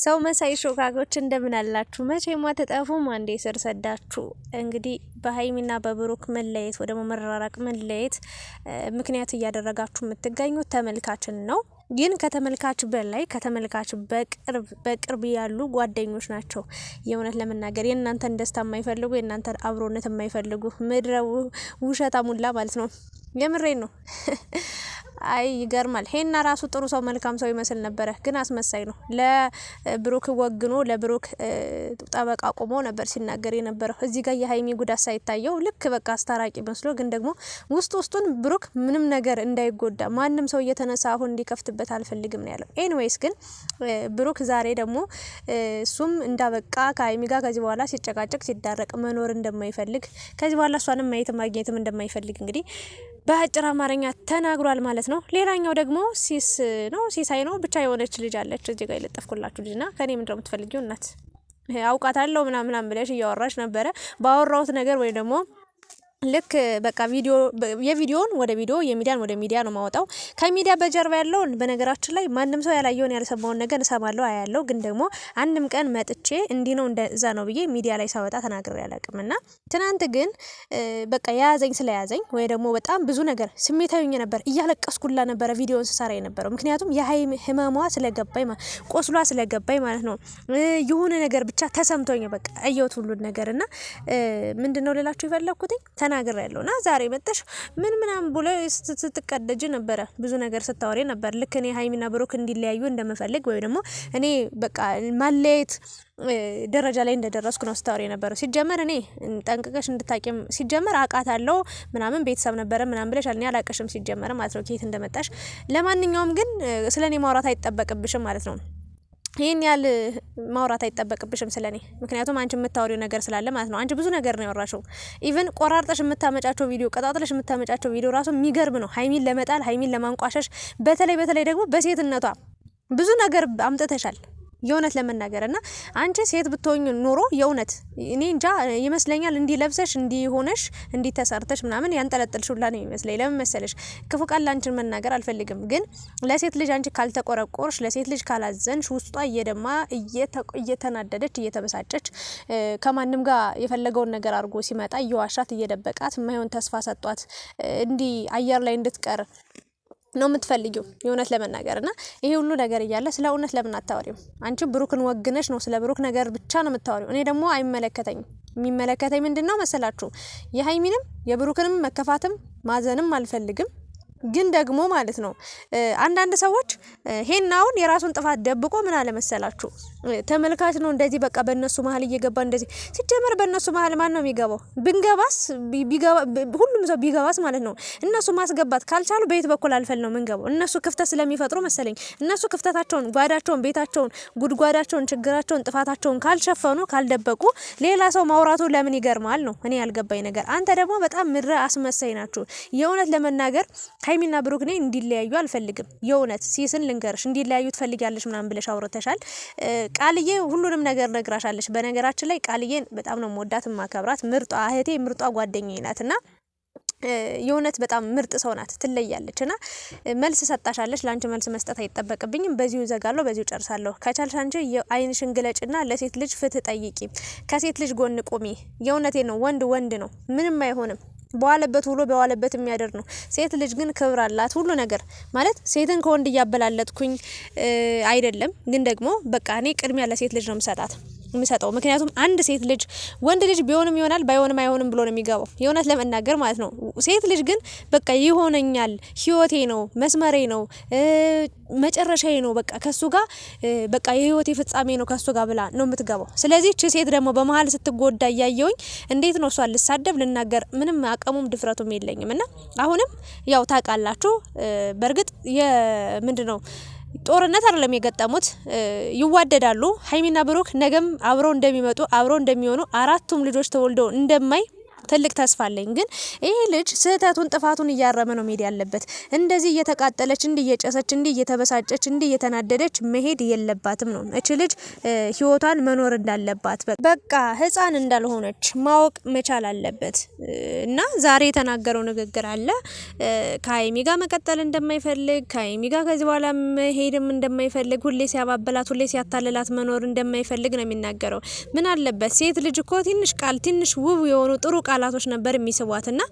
ሰው መሳይ ሾጋጎች እንደምን አላችሁ? መቼማ ትጠፉም አንዴ ስር ሰዳችሁ። እንግዲህ በሀይሚና በብሩክ መለየት ወደ መመራራቅ መለየት ምክንያት እያደረጋችሁ የምትገኙት ተመልካችን ነው። ግን ከተመልካች በላይ ከተመልካች በቅርብ ያሉ ጓደኞች ናቸው። የእውነት ለመናገር የእናንተን ደስታ የማይፈልጉ የእናንተን አብሮነት የማይፈልጉ ምድረ ውሸታ ሙላ ማለት ነው። የምሬን ነው። አይ ይገርማል። ሄና ራሱ ጥሩ ሰው መልካም ሰው ይመስል ነበረ፣ ግን አስመሳይ ነው። ለብሩክ ወግኖ ለብሩክ ጠበቃ ቆሞ ነበር ሲናገር የነበረው። እዚህ ጋር የሀይሚ ጉዳት ሳይታየው ልክ በቃ አስታራቂ መስሎ፣ ግን ደግሞ ውስጥ ውስጡን ብሩክ ምንም ነገር እንዳይጎዳ ማንም ሰው እየተነሳ አሁን እንዲከፍትበት አልፈልግም ነው ያለው። ኤኒዌይስ ግን ብሩክ ዛሬ ደግሞ እሱም እንዳበቃ ከሀይሚ ጋር ከዚህ በኋላ ሲጨቃጨቅ ሲዳረቅ መኖር እንደማይፈልግ ከዚህ በኋላ እሷንም ማየት ማግኘትም እንደማይፈልግ እንግዲህ በአጭር አማርኛ ተናግሯል ማለት ነው። ሌላኛው ደግሞ ሲስ ነው ሲሳይ ነው ብቻ የሆነች ልጅ አለች እዚህ ጋር የለጠፍኩላችሁ ልጅ ና ከኔ ምንድነው የምትፈልጊው እናት አውቃታለሁ ምናምናም ብለሽ እያወራሽ ነበረ። ባወራሁት ነገር ወይ ደግሞ ልክ በቃ ቪዲዮ የቪዲዮን ወደ ቪዲዮ የሚዲያን ወደ ሚዲያ ነው ማወጣው። ከሚዲያ በጀርባ ያለውን በነገራችን ላይ ማንም ሰው ያላየውን ያልሰማውን ነገር እሰማለሁ አያለው። ግን ደግሞ አንድም ቀን መጥቼ እንዲህ ነው እንደዛ ነው ብዬ ሚዲያ ላይ ሳወጣ ተናግሬ አላውቅም። እና ትናንት ግን በቃ የያዘኝ ስለያዘኝ ወይ ደግሞ በጣም ብዙ ነገር ስሜታዊኝ ነበር፣ እያለቀስኩላ ነበረ ቪዲዮን ስሰራ የነበረው ምክንያቱም የሀይም ህመሟ ስለገባኝ ቆስሏ ስለገባኝ ማለት ነው። የሆነ ነገር ብቻ ተሰምቶኝ በቃ አየሁት ሁሉን ነገር እና ምንድን ነው ልላችሁ የፈለግኩትኝ ያለው ና ዛሬ መጥተሽ ምን ምናም ብሎ ስትቀደጅ ነበረ፣ ብዙ ነገር ስታወሬ ነበር። ልክ እኔ ሀይሚና ብሩክ እንዲለያዩ እንደምፈልግ ወይ ደግሞ እኔ በቃ ማለየት ደረጃ ላይ እንደደረስኩ ነው ስታወሪ ነበረው። ሲጀመር እኔ ጠንቅቀሽ እንድታቂም ሲጀመር አቃት አለው ምናምን ቤተሰብ ነበረ ምናምን ብለሽ አለ አላቀሽም ሲጀመር ማለት ነው፣ ከየት እንደመጣሽ። ለማንኛውም ግን ስለ እኔ ማውራት አይጠበቅብሽም ማለት ነው። ይህን ያህል ማውራት አይጠበቅብሽም ስለኔ፣ ምክንያቱም አንቺ የምታወሪው ነገር ስላለ ማለት ነው። አንቺ ብዙ ነገር ነው ያወራሽው። ኢቨን ቆራርጠሽ የምታመጫቸው ቪዲዮ፣ ቀጣጥለሽ የምታመጫቸው ቪዲዮ ራሱ የሚገርም ነው። ሀይሚን ለመጣል ሀይሚን ለማንቋሸሽ፣ በተለይ በተለይ ደግሞ በሴትነቷ ብዙ ነገር አምጥተሻል። የእውነት ለመናገር እና አንቺ ሴት ብትሆኝ ኖሮ የእውነት እኔ እንጃ ይመስለኛል እንዲህ ለብሰሽ እንዲህ ሆነሽ እንዲህ ተሰርተሽ ምናምን ያንጠለጥልሽ ሁላ ነው ይመስለኝ። ለምን መሰለሽ ክፉ ቃል አንቺን መናገር አልፈልግም፣ ግን ለሴት ልጅ አንቺ ካልተቆረቆርሽ፣ ለሴት ልጅ ካላዘንሽ፣ ውስጧ እየደማ እየተናደደች እየተበሳጨች ከማንም ጋር የፈለገውን ነገር አድርጎ ሲመጣ እየዋሻት እየደበቃት የማይሆን ተስፋ ሰጧት እንዲህ አየር ላይ እንድትቀር ነው የምትፈልጊው የእውነት ለመናገር እና ይሄ ሁሉ ነገር እያለ ስለ እውነት ለምን አታወሪም? አንቺ ብሩክን ወግነሽ ነው ስለ ብሩክ ነገር ብቻ ነው የምታወሪው። እኔ ደግሞ አይመለከተኝም። የሚመለከተኝ ምንድን ነው መሰላችሁ? የሀይሚንም የብሩክንም መከፋትም ማዘንም አልፈልግም። ግን ደግሞ ማለት ነው አንዳንድ ሰዎች ሄናውን የራሱን ጥፋት ደብቆ ምን አለመሰላችሁ ተመልካች ነው እንደዚህ በቃ በእነሱ መሀል እየገባ እንደዚህ ሲጀመር፣ በእነሱ መሀል ማን ነው የሚገባው? ብንገባስ ሁሉም ሰው ቢገባስ ማለት ነው። እነሱ ማስገባት ካልቻሉ በየት በኩል አልፈል ነው ምንገባው? እነሱ ክፍተት ስለሚፈጥሩ መሰለኝ። እነሱ ክፍተታቸውን፣ ጓዳቸውን፣ ቤታቸውን፣ ጉድጓዳቸውን፣ ችግራቸውን፣ ጥፋታቸውን ካልሸፈኑ ካልደበቁ ሌላ ሰው ማውራቱ ለምን ይገርማል ነው እኔ ያልገባኝ ነገር። አንተ ደግሞ በጣም ምድረ አስመሳይ ናችሁ። የእውነት ለመናገር ሀይሚና ብሩክ እኔ እንዲለያዩ አልፈልግም። የእውነት ሲስን ልንገርሽ እንዲለያዩ ትፈልጊያለሽ ምናምን ብለሽ አውርተሻል። ቃልዬ ሁሉንም ነገር ነግራሻለች። በነገራችን ላይ ቃልዬን በጣም ነው መወዳት ማከብራት። ምርጧ እህቴ፣ ምርጧ ጓደኛዬ ናት እና የእውነት በጣም ምርጥ ሰው ናት። ትለያለች እና መልስ ሰጣሻለች። ለአንቺ መልስ መስጠት አይጠበቅብኝም። በዚሁ ዘጋለሁ፣ በዚሁ ጨርሳለሁ። ከቻልሽ አንቺ የአይንሽን ግለጭና ለሴት ልጅ ፍትህ ጠይቂ፣ ከሴት ልጅ ጎን ቁሚ። የእውነቴ ነው። ወንድ ወንድ ነው፣ ምንም አይሆንም። በዋለበት ውሎ በዋለበት የሚያደር ነው። ሴት ልጅ ግን ክብር አላት ሁሉ ነገር ማለት ሴትን ከወንድ እያበላለጥኩኝ አይደለም፣ ግን ደግሞ በቃ እኔ ቅድሚያ ለሴት ልጅ ነው የምሰጣት። የምሰጠው። ምክንያቱም አንድ ሴት ልጅ ወንድ ልጅ ቢሆንም ይሆናል ባይሆንም አይሆንም ብሎ ነው የሚገባው፣ የእውነት ለመናገር ማለት ነው። ሴት ልጅ ግን በቃ ይሆነኛል፣ ህይወቴ ነው፣ መስመሬ ነው፣ መጨረሻዬ ነው፣ በቃ ከሱ ጋር በቃ የህይወቴ ፍጻሜ ነው ከሱ ጋር ብላ ነው የምትገባው። ስለዚህ እቺ ሴት ደግሞ በመሀል ስትጎዳ እያየውኝ እንዴት ነው እሷ ልሳደብ ልናገር፣ ምንም አቅሙም ድፍረቱም የለኝም እና አሁንም ያው ታውቃላችሁ በእርግጥ የምንድን ነው ጦርነት አይደለም የገጠሙት፣ ይዋደዳሉ። ሀይሚና ብሩክ ነገም አብረው እንደሚመጡ አብረው እንደሚሆኑ አራቱም ልጆች ተወልደው እንደማይ ትልቅ ተስፋ አለኝ። ግን ይህ ልጅ ስህተቱን ጥፋቱን እያረመ ነው መሄድ ያለበት። እንደዚህ እየተቃጠለች እንዲህ እየጨሰች እንዲህ እየተበሳጨች እንዲህ እየተናደደች መሄድ የለባትም ነው እች ልጅ ህይወቷን መኖር እንዳለባት በቃ ህፃን እንዳልሆነች ማወቅ መቻል አለበት። እና ዛሬ የተናገረው ንግግር አለ ከሀይሚ ጋር መቀጠል እንደማይፈልግ ከሀይሚ ጋር ከዚህ በኋላ መሄድም እንደማይፈልግ ሁሌ ሲያባበላት ሁሌ ሲያታልላት መኖር እንደማይፈልግ ነው የሚናገረው። ምን አለበት ሴት ልጅ እኮ ትንሽ ቃል ትንሽ ውብ የሆኑ ጥሩ ቃል ቃላቶች ነበር የሚስቧትና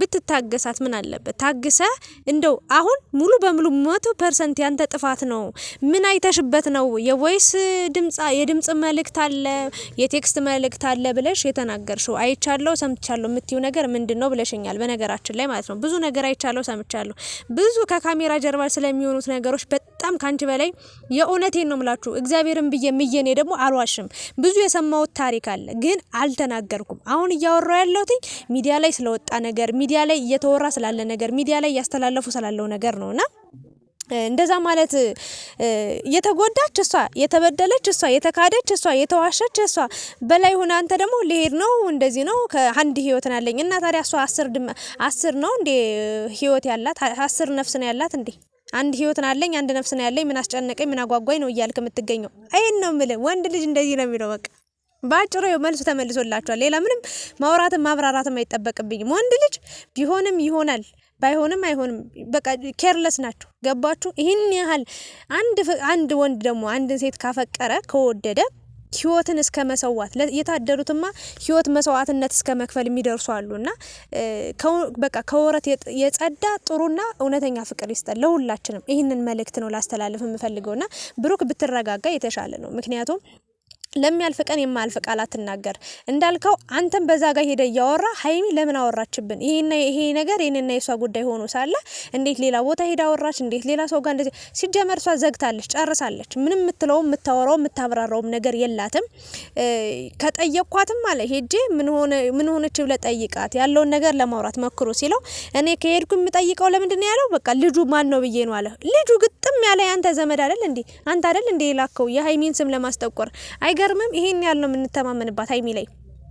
ብትታገሳት ምን አለበት? ታግሰ እንደው አሁን ሙሉ በሙሉ መቶ ፐርሰንት ያንተ ጥፋት ነው። ምን አይተሽበት ነው? የቮይስ ድምጻ የድምጽ መልእክት አለ፣ የቴክስት መልእክት አለ ብለሽ የተናገርሽው አይቻለሁ፣ ሰምቻለሁ የምትዩ ነገር ምንድን ነው ብለሽኛል። በነገራችን ላይ ማለት ነው ብዙ ነገር አይቻለሁ፣ ሰምቻለሁ ብዙ ከካሜራ ጀርባ ስለሚሆኑት ነገሮች በጣም ከአንቺ በላይ የእውነቴን ነው ምላችሁ እግዚአብሔርን ብዬ ምየኔ ደግሞ አልዋሽም። ብዙ የሰማሁት ታሪክ አለ፣ ግን አልተናገርኩም። አሁን እያወራው ያለሁት ሚዲያ ላይ ስለወጣ ነገር፣ ሚዲያ ላይ እየተወራ ስላለ ነገር፣ ሚዲያ ላይ እያስተላለፉ ስላለው ነገር ነውና እንደዛ ማለት የተጎዳች እሷ፣ የተበደለች እሷ፣ የተካደች እሷ፣ የተዋሸች እሷ በላይ ሆነ። አንተ ደግሞ ልሄድ ነው እንደዚህ ነው ከአንድ ህይወት ናለኝ እና ታዲያ እሷ አስር ነው እንዴ ህይወት ያላት አስር ነፍስ ነው ያላት እንዴ? አንድ ህይወት ነው ያለኝ፣ አንድ ነፍስ ነው ያለኝ፣ ምን አስጨነቀኝ፣ ምን አጓጓኝ ነው እያልክ የምትገኘው። ይሄን ነው የምልህ። ወንድ ልጅ እንደዚህ ነው የሚለው። በቃ በአጭሩ መልሱ ተመልሶላቸዋል። ሌላ ምንም ማውራትም ማብራራትም አይጠበቅብኝም። ወንድ ልጅ ቢሆንም ይሆናል ባይሆንም አይሆንም። በቃ ኬርለስ ናቸው። ገባችሁ? ይህን ያህል አንድ አንድ ወንድ ደግሞ አንድን ሴት ካፈቀረ ከወደደ ህይወትን እስከ መሰዋት የታደሉትማ ህይወት መስዋዕትነት እስከ መክፈል የሚደርሱ አሉና በቃ ከወረት የጸዳ ጥሩና እውነተኛ ፍቅር ይስጠን ለሁላችንም። ይህንን መልእክት ነው ላስተላለፍ የምፈልገውና ብሩክ ብትረጋጋ የተሻለ ነው። ምክንያቱም ለሚያልፍ ቀን የማያልፍ ቃል አትናገር እንዳልከው አንተም በዛ ጋር ሄደ እያወራ ሀይሚ ለምን አወራችብን? ይሄና ይሄ ነገር ይህንና የሷ ጉዳይ ሆኖ ሳለ እንዴት ሌላ ቦታ ሄዳ አወራች? እንዴት ሌላ ሰው ጋር እንደዚህ ሲጀመር፣ እሷ ዘግታለች፣ ጨርሳለች። ምንም የምትለውም የምታወራው የምታብራራውም ነገር የላትም። ከጠየቅኳትም አለ ሄጄ ምን ሆነች ብለ ጠይቃት ያለውን ነገር ለማውራት መክሮ ሲለው እኔ ከሄድኩ የምጠይቀው ለምንድን ነው ያለው። በቃ ልጁ ማን ነው ብዬ ነው አለ። ልጁ ግጥም ያለ አንተ ዘመድ አደል እንዴ? አንተ አደል እንዴ ላከው የሀይሚን ስም ለማስጠቆር አይገ ቢገርምም ይሄን ያህል ነው የምንተማመንባት ሀይሚ ላይ።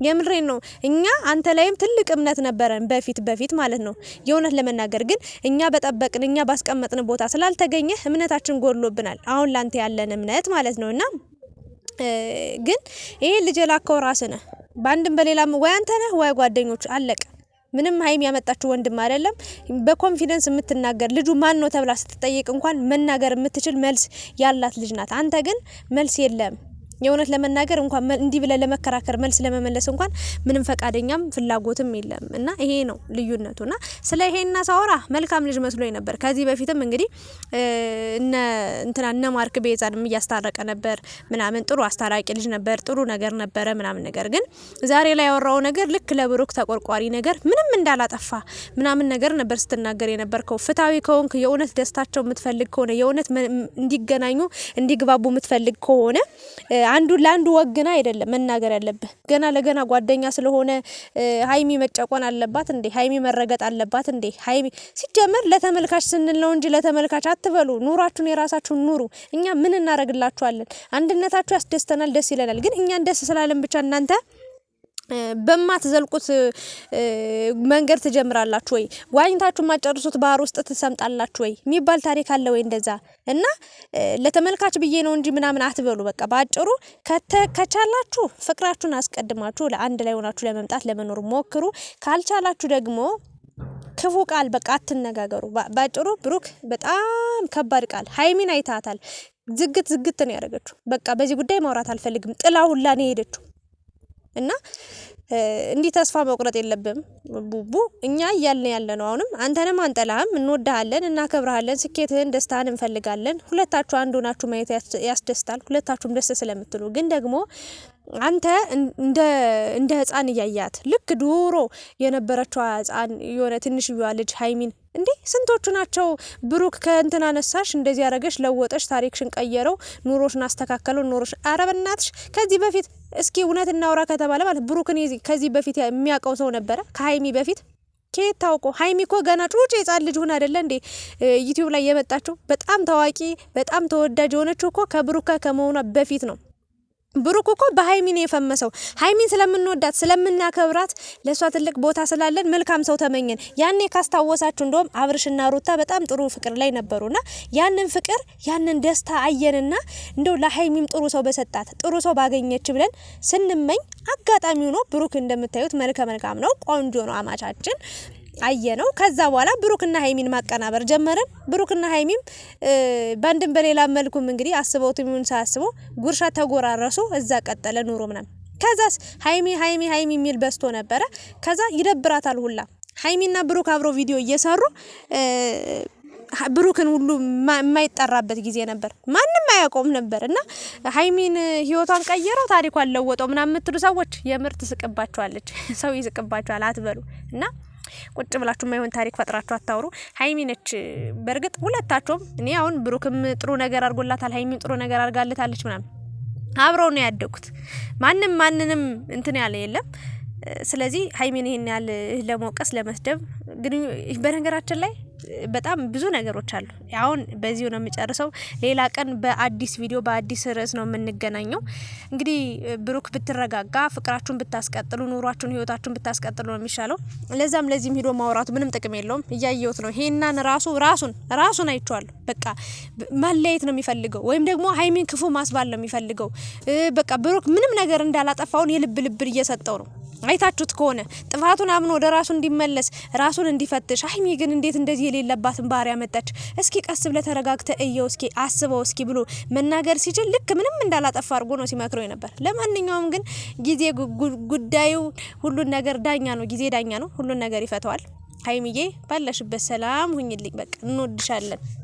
የምሬን ነው። እኛ አንተ ላይም ትልቅ እምነት ነበረን በፊት በፊት ማለት ነው። የእውነት ለመናገር ግን እኛ በጠበቅን እኛ ባስቀመጥን ቦታ ስላልተገኘ እምነታችን ጎድሎብናል። አሁን ላንተ ያለን እምነት ማለት ነው እና ግን ይሄ ልጅ የላከው ራስ ነህ። በአንድም በሌላም ወይ አንተ ነህ ወይ ጓደኞች አለቀ። ምንም ሀይሚ ያመጣችሁ ወንድም አይደለም። በኮንፊደንስ የምትናገር ልጁ ማን ነው ተብላ ስትጠይቅ እንኳን መናገር የምትችል መልስ ያላት ልጅ ናት። አንተ ግን መልስ የለም። የእውነት ለመናገር እንኳን እንዲህ ብለን ለመከራከር መልስ ለመመለስ እንኳን ምንም ፈቃደኛም ፍላጎትም የለም እና ይሄ ነው ልዩነቱ። እና ስለ ይሄና ሳወራ መልካም ልጅ መስሎኝ ነበር። ከዚህ በፊትም እንግዲህ እነ እንትና እነ ማርክ ቤዛንም እያስታረቀ ነበር ምናምን፣ ጥሩ አስታራቂ ልጅ ነበር፣ ጥሩ ነገር ነበረ ምናምን። ነገር ግን ዛሬ ላይ ያወራው ነገር ልክ ለብሩክ ተቆርቋሪ ነገር ምንም እንዳላጠፋ ምናምን ነገር ነበር ስትናገር የነበርከው። ፍትሐዊ ከሆንክ የእውነት ደስታቸው የምትፈልግ ከሆነ የእውነት እንዲገናኙ እንዲግባቡ የምትፈልግ ከሆነ አንዱ ለአንዱ ወግና አይደለም መናገር ያለብህ። ገና ለገና ጓደኛ ስለሆነ ሀይሚ መጨቆን አለባት እንዴ? ሀይሚ መረገጥ አለባት እንዴ? ሀይሚ ሲጀመር ለተመልካች ስንል ነው እንጂ ለተመልካች አትበሉ። ኑሯችሁን የራሳችሁን ኑሩ። እኛ ምን እናደርግላችኋለን? አንድነታችሁ ያስደስተናል፣ ደስ ይለናል። ግን እኛን ደስ ስላለን ብቻ እናንተ በማትዘልቁት መንገድ ትጀምራላችሁ ወይ ዋኝታችሁ ማጨርሱት ባህር ውስጥ ትሰምጣላችሁ ወይ የሚባል ታሪክ አለ ወይ? እንደዛ እና ለተመልካች ብዬ ነው እንጂ ምናምን አትበሉ። በቃ በአጭሩ ከቻላችሁ ፍቅራችሁን አስቀድማችሁ ለአንድ ላይ ሆናችሁ ለመምጣት ለመኖር ሞክሩ። ካልቻላችሁ ደግሞ ክፉ ቃል በቃ አትነጋገሩ። ባጭሩ ብሩክ በጣም ከባድ ቃል ሀይሚን አይታታል። ዝግት ዝግት ነው ያደረገችው። በቃ በዚህ ጉዳይ ማውራት አልፈልግም ጥላ ሁላ ነው የሄደችው። እና እንዲህ ተስፋ መቁረጥ የለብም ቡቡ። እኛ እያልን ያለ ነው አሁንም አንተንም አንጠላህም፣ እንወዳለን እናከብረሃለን፣ ስኬትህን፣ ደስታህን እንፈልጋለን። ሁለታችሁ አንድ ሆናችሁ ማየት ያስደስታል፣ ሁለታችሁም ደስ ስለምትሉ ግን ደግሞ አንተ እንደ ህፃን እያያት ልክ ድሮ የነበረችዋ ህፃን የሆነ ትንሽ ልጅ ሀይሚን እንዴ ስንቶቹ ናቸው? ብሩክ ከእንትን አነሳሽ፣ እንደዚህ ያረገሽ፣ ለወጠሽ፣ ታሪክሽን ቀየረው፣ ኑሮሽን አስተካከለው፣ ኑሮሽ አረ በናትሽ። ከዚህ በፊት እስኪ እውነት እናውራ ከተባለ ማለት ብሩክን ከዚህ በፊት የሚያውቀው ሰው ነበረ ከሀይሚ በፊት ኬት ታውቆ? ሀይሚ ኮ ገና ጩጭ ህጻን ልጅ ሆን አደለ እንዴ ዩቲዩብ ላይ የመጣችው በጣም ታዋቂ በጣም ተወዳጅ የሆነችው እኮ ከብሩክ ከመሆኗ በፊት ነው። ብሩክ እኮ በሀይሚን የፈመሰው። ሀይሚን ስለምንወዳት ስለምናከብራት ለእሷ ትልቅ ቦታ ስላለን መልካም ሰው ተመኘን። ያኔ ካስታወሳችሁ እንደውም አብርሽና ሩታ በጣም ጥሩ ፍቅር ላይ ነበሩና ያንን ፍቅር ያንን ደስታ አየንና እንደው ለሀይሚም ጥሩ ሰው በሰጣት ጥሩ ሰው ባገኘች ብለን ስንመኝ አጋጣሚ ሆኖ ብሩክ እንደምታዩት መልከ መልካም ነው፣ ቆንጆ ነው፣ አማቻችን አየ ነው። ከዛ በኋላ ብሩክና ሀይሚን ማቀናበር ጀመረን ብሩክና ሀይሚም በአንድም በሌላ መልኩም እንግዲህ አስበውት የሚሆን ሳያስበው ጉርሻ ተጎራረሱ። እዛ ቀጠለ ኑሮ ምናምን። ከዛስ ሀይሚ ሀይሚ ሀይሚ የሚል በዝቶ ነበረ። ከዛ ይደብራታል ሁላ ሀይሚና ብሩክ አብሮ ቪዲዮ እየሰሩ ብሩክን ሁሉ የማይጠራበት ጊዜ ነበር። ማንም አያውቀውም ነበር እና ሀይሚን ህይወቷን ቀየረው ታሪኳን ለወጠው ምናምን የምትሉ ሰዎች የምር ትስቅባቸዋለች። ሰው ይስቅባቸዋል አትበሉ እና ቁጭ ብላችሁ የማይሆን ታሪክ ፈጥራችሁ አታውሩ። ሀይሚ ነች። በእርግጥ ሁለታቸውም እኔ አሁን ብሩክም ጥሩ ነገር አድርጎላታል፣ ሀይሚም ጥሩ ነገር አድርጋለታለች ምናምን አብረው ነው ያደጉት። ማንም ማንንም እንትን ያለ የለም። ስለዚህ ሀይሚን ይህን ያህል ለመውቀስ ለመስደብ ግን በነገራችን ላይ በጣም ብዙ ነገሮች አሉ። አሁን በዚሁ ነው የምጨርሰው። ሌላ ቀን በአዲስ ቪዲዮ በአዲስ ርዕስ ነው የምንገናኘው። እንግዲህ ብሩክ ብትረጋጋ፣ ፍቅራችሁን ብታስቀጥሉ፣ ኑሯችሁን ህይወታችሁን ብታስቀጥሉ ነው የሚሻለው። ለዛም ለዚህም ሂዶ ማውራቱ ምንም ጥቅም የለውም። እያየሁት ነው። ሄናን ራሱ ራሱን ራሱን አይቼዋለሁ። በቃ መለየት ነው የሚፈልገው ወይም ደግሞ ሀይሚን ክፉ ማስባል ነው የሚፈልገው። በቃ ብሩክ ምንም ነገር እንዳላጠፋውን የልብ ልብን እየሰጠው ነው። አይታችሁት ከሆነ ጥፋቱን አምኖ ወደ ራሱ እንዲመለስ ራሱን እንዲፈትሽ። ሀይሚ ግን እንዴት እንደዚህ የሌለባትን ባህሪ ያመጣች? እስኪ ቀስ ብለ ተረጋግተ እየው እስኪ አስበው እስኪ ብሎ መናገር ሲችል ልክ ምንም እንዳላጠፋ አድርጎ ነው ሲመክረው ነበር። ለማንኛውም ግን ጊዜ ጉዳዩ ሁሉን ነገር ዳኛ ነው። ጊዜ ዳኛ ነው፣ ሁሉን ነገር ይፈተዋል። ሀይሚዬ ባለሽበት ሰላም ሁኝልኝ። በቃ እንወድሻለን።